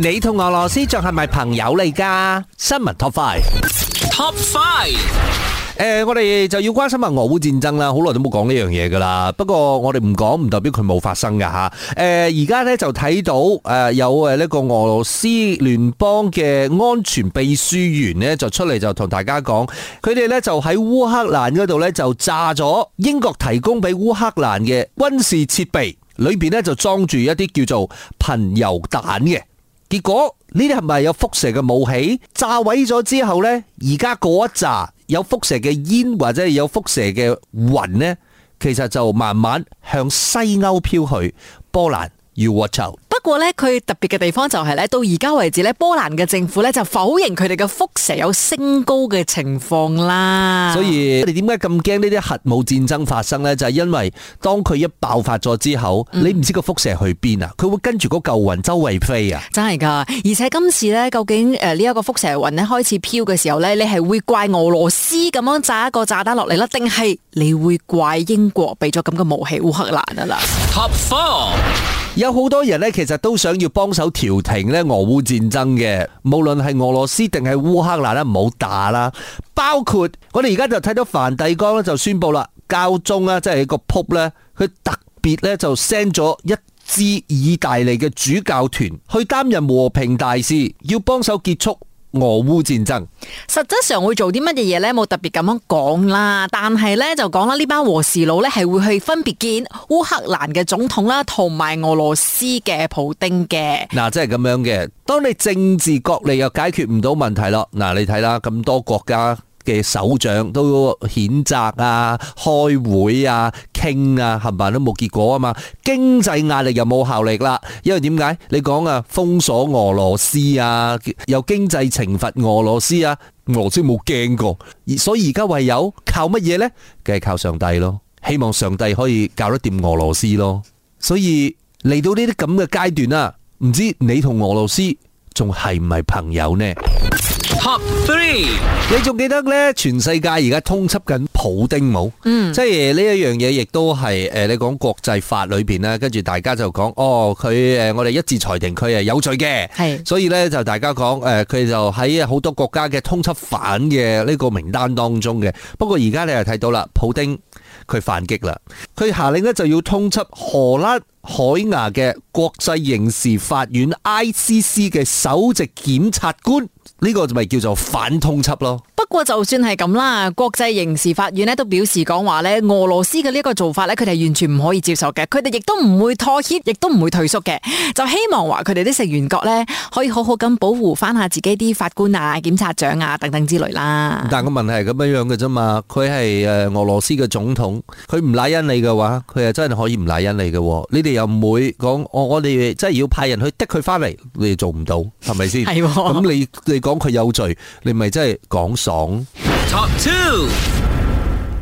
你同俄羅斯仲係咪朋友嚟噶？新聞 Top Five，Top Five，誒，我哋就要關心下俄烏戰爭啦，好耐都冇講呢樣嘢噶啦。不過我哋唔講唔代表佢冇發生噶吓。誒、呃，而家咧就睇到誒有誒呢個俄羅斯聯邦嘅安全秘書員咧就出嚟就同大家講，佢哋咧就喺烏克蘭嗰度咧就炸咗英國提供俾烏克蘭嘅軍事設備。裏邊咧就裝住一啲叫做貧鈾彈嘅，結果呢啲係咪有輻射嘅武器炸毀咗之後呢，而家嗰一紮有輻射嘅煙或者有輻射嘅雲呢，其實就慢慢向西歐飄去，波蘭，you watch out。不過咧，佢特別嘅地方就係咧，到而家為止咧，波蘭嘅政府咧就否認佢哋嘅輻射有升高嘅情況啦。所以你點解咁驚呢啲核武戰爭發生呢？就係因為當佢一爆發咗之後，嗯、你唔知個輻射去邊啊？佢會跟住嗰舊雲周圍飛啊！真係噶，而且今次呢，究竟誒呢一個輻射雲咧開始飄嘅時候呢，你係會怪俄羅斯咁樣炸一個炸彈落嚟啦，定係你會怪英國俾咗咁嘅武器烏克蘭啊啦。Top four。有好多人呢，其實都想要幫手調停呢俄烏戰爭嘅，無論係俄羅斯定係烏克蘭呢唔好打啦。包括我哋而家就睇到梵蒂岡呢就宣布啦，教宗啊，即係一個 pop 呢，佢特別呢就 send 咗一支意大利嘅主教團去擔任和平大使，要幫手結束。俄烏戰爭實質上會做啲乜嘢嘢呢？冇特別咁樣講啦，但係呢，就講啦，呢班和事佬呢係會去分別見烏克蘭嘅總統啦，同埋俄羅斯嘅普丁嘅。嗱、啊，即係咁樣嘅。當你政治角力又解決唔到問題咯，嗱、啊，你睇啦，咁多國家。嘅首長都譴責啊，開會啊，傾啊，係咪都冇結果啊嘛？經濟壓力又冇效力啦，因為點解？你講啊，封鎖俄羅斯啊，又經濟懲罰俄羅斯啊，俄羅斯冇驚過，所以而家唯有靠乜嘢呢？梗係靠上帝咯，希望上帝可以搞得掂俄羅斯咯。所以嚟到呢啲咁嘅階段啦，唔知你同俄羅斯仲係唔係朋友呢？Top three，你仲記得呢？全世界而家通緝緊普丁冇？嗯、即係呢一樣嘢，亦都係誒，你講國際法裏邊啦，跟住大家就講哦，佢誒，我哋一致裁定佢係有罪嘅，係，是的 所以呢，就大家講誒，佢、呃、就喺好多國家嘅通緝犯嘅呢個名單當中嘅。不過而家你又睇到啦，普丁佢反擊啦，佢下令呢就要通緝荷蘭。海牙嘅國際刑事法院 （ICC） 嘅首席檢察官，呢個咪叫做反通緝咯。不過就算係咁啦，國際刑事法院咧都表示講話咧，俄羅斯嘅呢一個做法咧，佢哋係完全唔可以接受嘅，佢哋亦都唔會妥協，亦都唔會退縮嘅，就希望話佢哋啲成員國咧可以好好咁保護翻下自己啲法官啊、檢察長啊等等之類啦。但個問題係咁樣樣嘅啫嘛，佢係誒俄羅斯嘅總統，佢唔拉恩你嘅話，佢係真係可以唔拉恩你嘅。你哋又唔會講我我哋即係要派人去滴佢翻嚟，你哋做唔到係咪先？咁你你講佢有罪，你咪真係講。t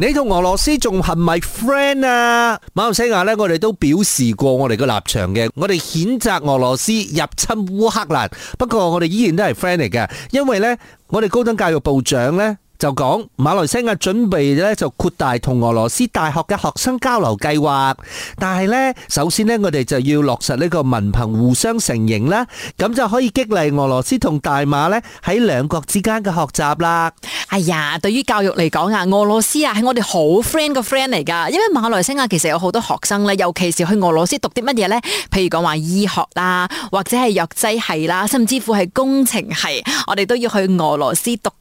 你同俄羅斯仲係咪 friend 啊？馬來西亞呢，我哋都表示過我哋嘅立場嘅，我哋譴責俄羅斯入侵烏克蘭，不過我哋依然都係 friend 嚟嘅，因為呢，我哋高等教育部長呢，就講馬來西亞準備咧就擴大同俄羅斯大學嘅學生交流計劃，但係呢，首先呢，我哋就要落實呢個文憑互相承認啦，咁就可以激勵俄羅斯同大馬呢喺兩國之間嘅學習啦。哎呀，對於教育嚟講啊，俄羅斯啊係我哋好 friend 個 friend 嚟噶，因為馬來西亞其實有好多學生呢，尤其是去俄羅斯讀啲乜嘢呢？譬如講話醫學啦，或者係藥劑系啦，甚至乎係工程系，我哋都要去俄羅斯讀。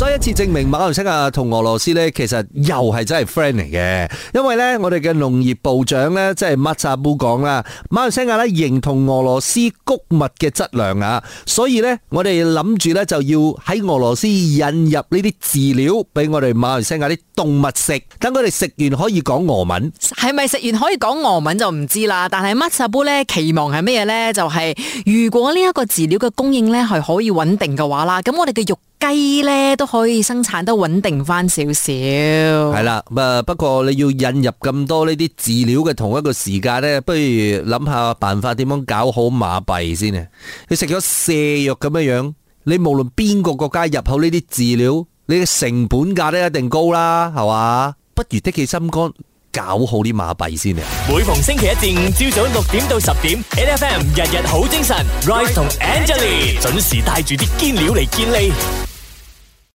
所以再一次證明馬來西亞同俄羅斯呢，其實又係真係 friend 嚟嘅。因為呢，我哋嘅農業部長呢，即係馬沙布講啦，馬來西亞呢認同俄羅斯谷物嘅質量啊，所以呢，我哋諗住呢就要喺俄羅斯引入呢啲飼料俾我哋馬來西亞啲動物食，等佢哋食完可以講俄文。係咪食完可以講俄文就唔知啦。但係馬沙布呢期望係咩嘢呢？就係如果呢一個飼料嘅供應呢係可以穩定嘅話啦，咁我哋嘅肉雞咧都可以生產得穩定翻少少。係啦，咁啊，不過你要引入咁多呢啲飼料嘅同一個時間咧，不如諗下辦法點樣搞好馬幣先啊！你食咗瀉藥咁嘅樣，你無論邊個國家入口呢啲飼料，你嘅成本價都一定高啦，係嘛？不如的起心肝搞好啲馬幣先啊！每逢星期一至五朝早六點到十點，N F M 日日好精神，Rise 同 Angelie 準時帶住啲堅料嚟堅利。